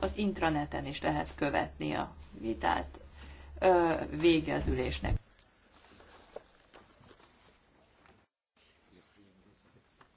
az intraneten is lehet követni a vitát végezülésnek.